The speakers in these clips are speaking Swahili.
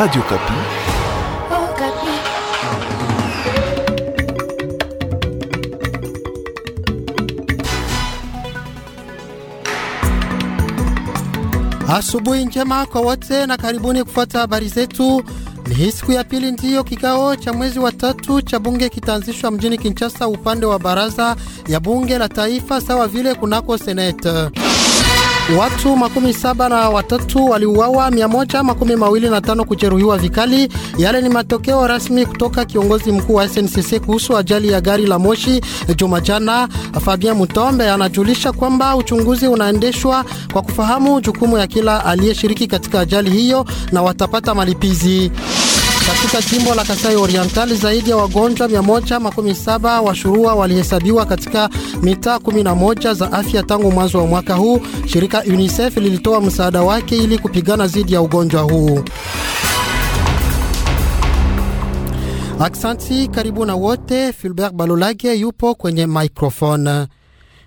Radio Kapi. Oh, Kapi. Asubuhi njema kwa wote na karibuni kufuata habari zetu. Ni siku ya pili ndiyo kikao cha mwezi wa tatu cha bunge kitaanzishwa mjini Kinshasa upande wa baraza ya bunge la taifa sawa vile kunako seneta. Watu makumi saba na watatu waliuawa, mia moja makumi mawili na tano kujeruhiwa vikali. Yale ni matokeo rasmi kutoka kiongozi mkuu wa SNCC kuhusu ajali ya gari la moshi Jumajana. Fabien Mutombe anajulisha kwamba uchunguzi unaendeshwa kwa kufahamu jukumu ya kila aliyeshiriki katika ajali hiyo na watapata malipizi. Katika jimbo la Kasai Oriental zaidi ya wagonjwa 117 wa shurua walihesabiwa katika mitaa 11 za afya tangu mwanzo wa mwaka huu. Shirika UNICEF lilitoa msaada wake ili kupigana dhidi ya ugonjwa huu. Aksanti, karibu na wote. Filbert Balolage yupo kwenye microphone.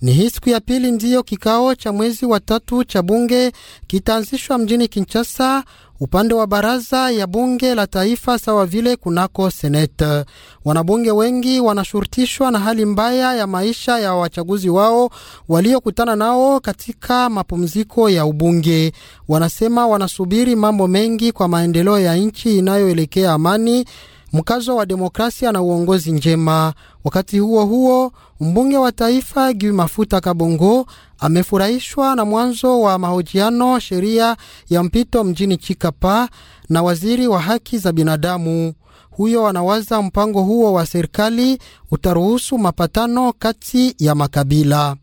Ni hii siku ya pili ndiyo kikao cha mwezi wa tatu cha bunge kitaanzishwa mjini Kinshasa upande wa baraza ya bunge la taifa sawa vile kunako senete. Wanabunge wengi wanashurutishwa na hali mbaya ya maisha ya wachaguzi wao waliokutana nao katika mapumziko ya ubunge. Wanasema wanasubiri mambo mengi kwa maendeleo ya nchi inayoelekea amani mkazo wa demokrasia na uongozi njema. Wakati huo huo, mbunge wa taifa Gui Mafuta Kabongo amefurahishwa na mwanzo wa mahojiano sheria ya mpito mjini Chikapa na waziri wa haki za binadamu huyo anawaza mpango huo wa serikali utaruhusu mapatano kati ya makabila.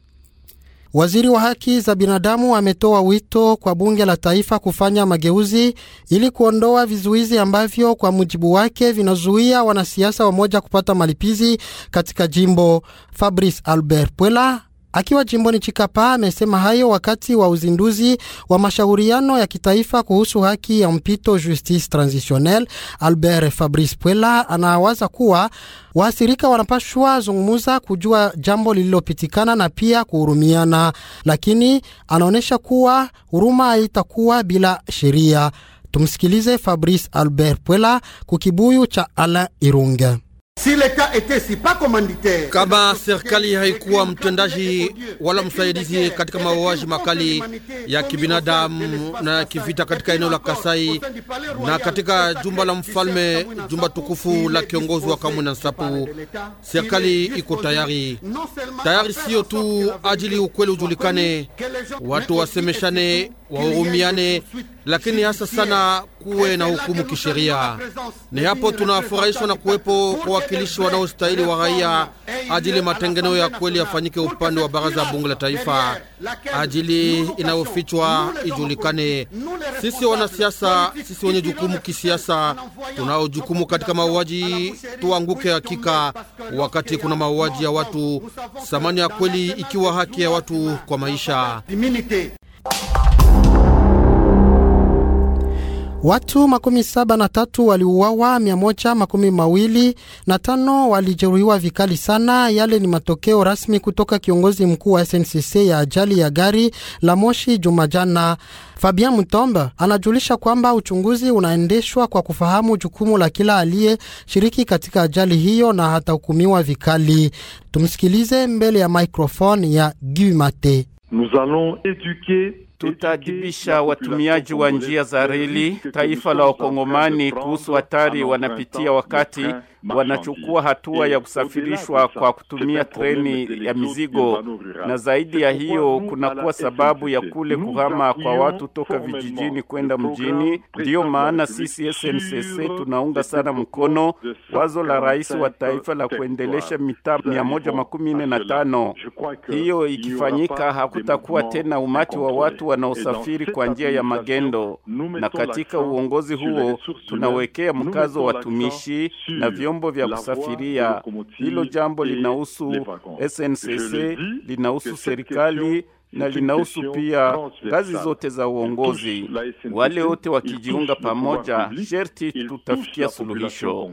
Waziri wa haki za binadamu ametoa wito kwa bunge la taifa kufanya mageuzi ili kuondoa vizuizi ambavyo kwa mujibu wake vinazuia wanasiasa wamoja kupata malipizi katika jimbo. Fabrice Albert Pwela Akiwa jimboni Chikapa amesema hayo wakati wa uzinduzi wa mashauriano ya kitaifa kuhusu haki ya mpito justice transitionnel. Albert Fabrice Pwela anawaza kuwa waathirika wanapashwa zungumuza kujua jambo lililopitikana na pia kuhurumiana, lakini anaonyesha kuwa huruma haitakuwa bila sheria. Tumsikilize Fabrice Albert Pwela kukibuyu cha Alain irunge Si kama serikali haikuwa mtendaji wala msaidizi katika mauaji makali ya kibinadamu na ya kivita katika eneo la Kasai na katika jumba la mfalme, jumba tukufu la kiongozi wa Kamwina Nsapu, serikali iko tayari tayari, sio tu ajili ukweli ujulikane, watu wasemeshane, wahurumiane lakini hasa sana kuwe na hukumu kisheria. Ni hapo tunafurahishwa na kuwepo kwa wakilishi wanaostahili wa raia ajili matengeneo ya kweli yafanyike upande wa baraza ya bunge la taifa, ajili inayofichwa ijulikane. Sisi wanasiasa, sisi wenye jukumu kisiasa, tunao jukumu katika mauaji, tuanguke hakika wakati kuna mauaji ya watu, thamani ya kweli ikiwa haki ya watu kwa maisha. Watu makumi saba na tatu waliuawa, mia moja makumi mawili na tano walijeruhiwa vikali sana. Yale ni matokeo rasmi kutoka kiongozi mkuu wa SNCC ya ajali ya gari la moshi Jumajana. Fabien mtombe anajulisha kwamba uchunguzi unaendeshwa kwa kufahamu jukumu la kila aliyeshiriki katika ajali hiyo na hatahukumiwa vikali. Tumsikilize mbele ya microphone ya Gumate. Nous allons éduquer tutaadibisha watumiaji wa njia za reli taifa la Wakongomani kuhusu hatari wanapitia wakati wanachukua hatua ya kusafirishwa kwa kutumia treni ya mizigo, na zaidi ya hiyo kunakuwa sababu ya kule kuhama kwa watu toka vijijini kwenda mjini. Ndiyo maana sisi SNCC tunaunga sana mkono wazo la rais wa taifa la kuendelesha mitaa mia moja makumi nne na tano. Hiyo ikifanyika hakutakuwa tena umati wa watu wa wanaosafiri kwa njia ya magendo, na katika uongozi huo tunawekea mkazo watumishi na vyombo vya kusafiria. Hilo jambo linahusu SNCC, linahusu serikali na linahusu pia ngazi zote za uongozi. Wale wote wakijiunga pamoja, sherti tutafikia suluhisho.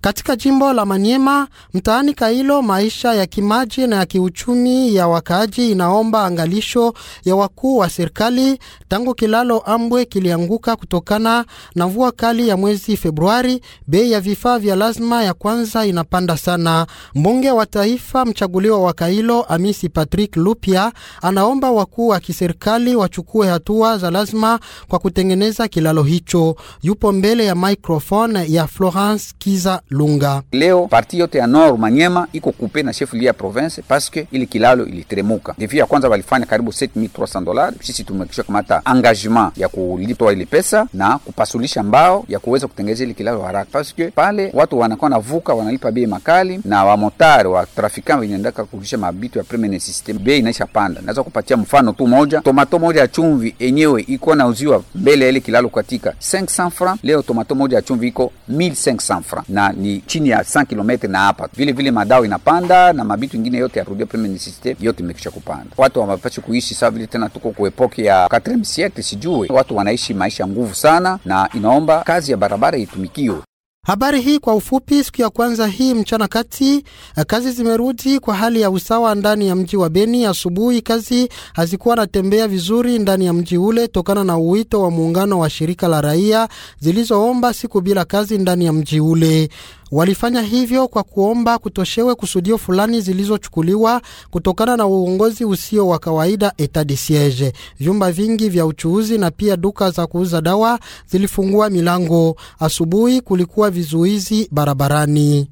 Katika jimbo la Maniema, mtaani Kailo, maisha ya kimaji na ya kiuchumi ya wakaaji inaomba angalisho ya wakuu wa serikali tangu kilalo Ambwe kilianguka kutokana na mvua kali ya mwezi Februari. Bei ya vifaa vya lazima ya kwanza inapanda sana. Mbunge wa taifa mchaguliwa wa Kailo Amisi Patrick Lupia anaomba wakuu wa kiserikali wachukue hatua za lazima kwa kutengeneza kilalo hicho. Yupo mbele ya microphone ya Florence Kiza Lunga. Leo parti yote ya Nord Manyema iko kupe na chef ya province paske ili kilalo iliteremuka. Defi ya kwanza walifanya karibu 7300 dollars. Sisi tumekisha kamata engagement ya kulitoa ile pesa na kupasulisha mbao ya kuweza kutengeneza ile kilalo haraka, paske pale watu wanakuwa navuka wanalipa bei makali na wamotari wa trafikanti wenye kukisha kurudisha mabitu ya premium system, bei inaisha panda. Naweza kupatia mfano tu moja, tomato moja ya chumvi yenyewe iko nauziwa mbele ya ile kilalo katika 500 francs, leo tomato moja ya chumvi iko 1500 francs na ni chini ya 100 km na hapa vile vile madao inapanda na mabitu ingine yote ya rudia premium system yote imekisha kupanda. Watu hawapashi kuishi sawa vile tena, tuko ku epoki ya 4 siecle, sijue watu wanaishi maisha nguvu sana, na inaomba kazi ya barabara itumikiwe. Habari hii kwa ufupi. Siku ya kwanza hii mchana kati kazi zimerudi kwa hali ya usawa ndani ya mji wa Beni. Asubuhi kazi hazikuwa natembea vizuri ndani ya mji ule tokana na uwito wa muungano wa shirika la raia zilizoomba siku bila kazi ndani ya mji ule. Walifanya hivyo kwa kuomba kutoshewe kusudio fulani zilizochukuliwa kutokana na uongozi usio wa kawaida etat de siege. Vyumba vingi vya uchuuzi na pia duka za kuuza dawa zilifungua milango. Asubuhi kulikuwa vizuizi barabarani.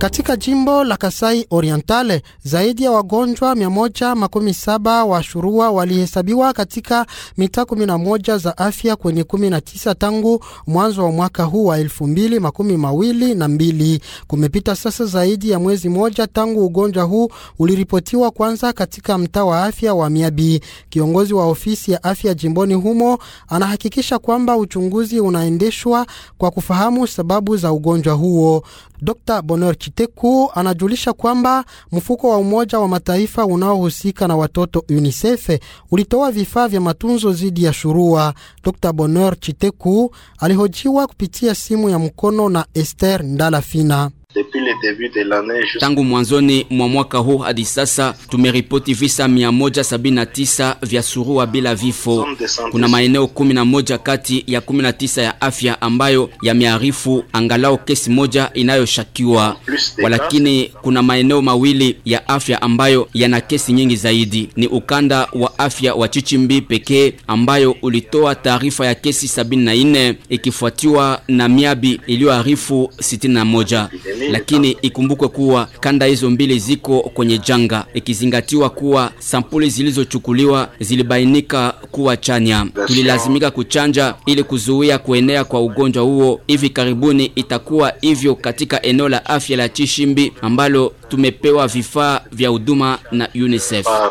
Katika jimbo la Kasai Orientale zaidi ya wagonjwa 117 wa shurua walihesabiwa katika mitaa 11 za afya kwenye 19 tangu mwanzo wa mwaka huu wa 2022. Kumepita sasa zaidi ya mwezi moja tangu ugonjwa huu uliripotiwa kwanza katika mtaa wa afya wa Miabi. Kiongozi wa ofisi ya afya jimboni humo anahakikisha kwamba uchunguzi unaendeshwa kwa kufahamu sababu za ugonjwa huo. Dr. Bonor Chiteko anajulisha kwamba mfuko wa Umoja wa Mataifa unaohusika na watoto UNICEF ulitoa vifaa vya matunzo dhidi ya shurua. Dr Bonheur Chiteku alihojiwa kupitia simu ya mkono na Esther Ndalafina. Tangu mwanzoni mwa mwaka huu hadi sasa tumeripoti visa 179 vya surua bila vifo. Kuna maeneo 11 kati ya 19 ya afya ambayo yamearifu angalau kesi moja inayoshakiwa, walakini kuna maeneo mawili ya afya ambayo yana kesi nyingi zaidi. Ni ukanda wa afya wa Chichimbi pekee ambayo ulitoa taarifa ya kesi 74 ikifuatiwa na Miabi iliyoarifu 61 lakini ikumbukwe kuwa kanda hizo mbili ziko kwenye janga, ikizingatiwa kuwa sampuli zilizochukuliwa zilibainika kuwa chanya. Tulilazimika kuchanja ili kuzuia kuenea kwa ugonjwa huo. Hivi karibuni itakuwa hivyo katika eneo la afya la Chishimbi ambalo tumepewa vifaa vya huduma na UNICEF. Uh,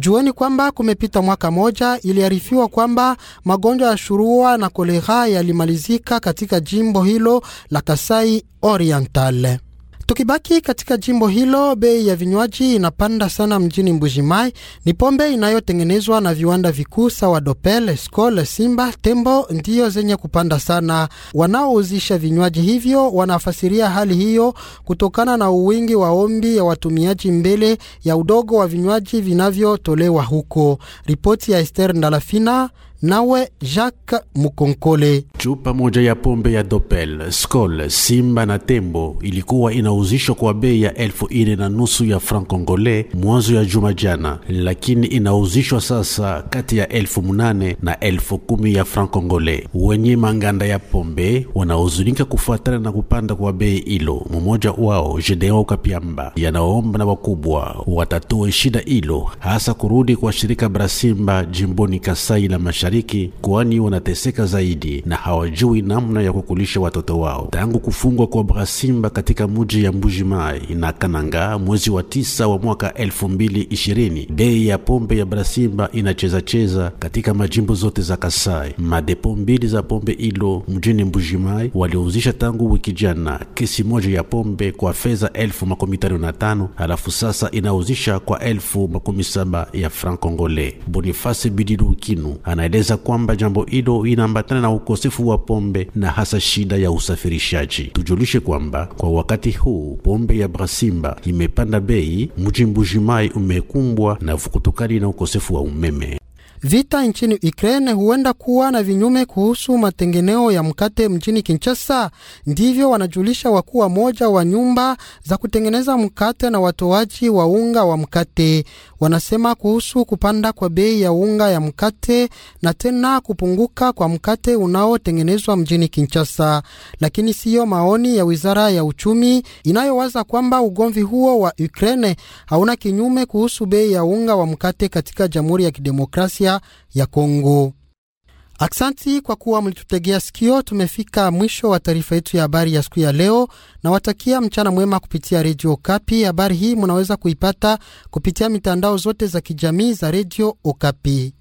Jueni kwamba kumepita mwaka moja, iliarifiwa kwamba magonjwa ya shurua na kolera yalimalizika katika jimbo hilo la Kasai Oriental. Tukibaki katika jimbo hilo, bei ya vinywaji inapanda sana mjini Mbujimai. Ni pombe inayotengenezwa na viwanda vikuu sawa Dopel, Skol, Simba, Tembo ndiyo zenye kupanda sana. Wanaouzisha vinywaji hivyo wanafasiria hali hiyo kutokana na uwingi wa ombi ya watumiaji mbele ya udogo wa vinywaji vinavyotolewa huko. Ripoti ya Ester Ndalafina nawe Jacques Mukonkole. Chupa moja ya pombe ya Dopel, Skol, Simba na Tembo ilikuwa inauzishwa kwa bei ya elfu ine na nusu ya franc congolais mwanzo ya juma jana, lakini inauzishwa sasa kati ya elfu munane na elfu kumi ya franc congolais. Wenye manganda ya pombe wanahuzunika kufuatana na kupanda kwa bei ilo. Mmoja wao Gedeon Kapiamba yanaomba na wakubwa watatue shida ilo, hasa kurudi kwa shirika Brasimba jimboni Kasai la Mashariki. Mashariki, kwani wanateseka zaidi na hawajui namna ya kukulisha watoto wao. Tangu kufungwa kwa Brasimba katika muji ya Mbujimai na Kananga mwezi wa tisa wa mwaka elfu mbili ishirini, bei ya pombe ya Brasimba inachezacheza katika majimbo zote za Kasai. Madepo mbili za pombe ilo mjini Mbujimai waliuzisha tangu wiki jana kesi moja ya pombe kwa fedha elfu makumi tano na tano halafu sasa inauzisha kwa elfu makumi saba ya franc congolais. Boniface Kinu ana Ameeleza kwamba jambo hilo inaambatana na ukosefu wa pombe na hasa shida ya usafirishaji. Tujulishe kwamba kwa wakati huu pombe ya Brasimba imepanda bei, mji Mbujimai umekumbwa na vukutokali na ukosefu wa umeme. Vita nchini Ukraine huenda kuwa na vinyume kuhusu matengeneo ya mkate mjini Kinshasa. Ndivyo wanajulisha wakuu wa moja wa nyumba za kutengeneza mkate na watoaji wa unga wa mkate. Wanasema kuhusu kupanda kwa bei ya unga ya mkate na tena kupunguka kwa mkate unaotengenezwa mjini Kinshasa, lakini siyo maoni ya wizara ya uchumi inayowaza kwamba ugomvi huo wa Ukraine hauna kinyume kuhusu bei ya unga wa mkate katika Jamhuri ya Kidemokrasia Kidemokrasia ya Kongo. Aksanti kwa kuwa mlitutegea sikio. Tumefika mwisho wa taarifa yetu ya habari ya siku ya leo, na watakia mchana mwema kupitia redio Okapi. Habari hii munaweza kuipata kupitia mitandao zote za kijamii za redio Okapi.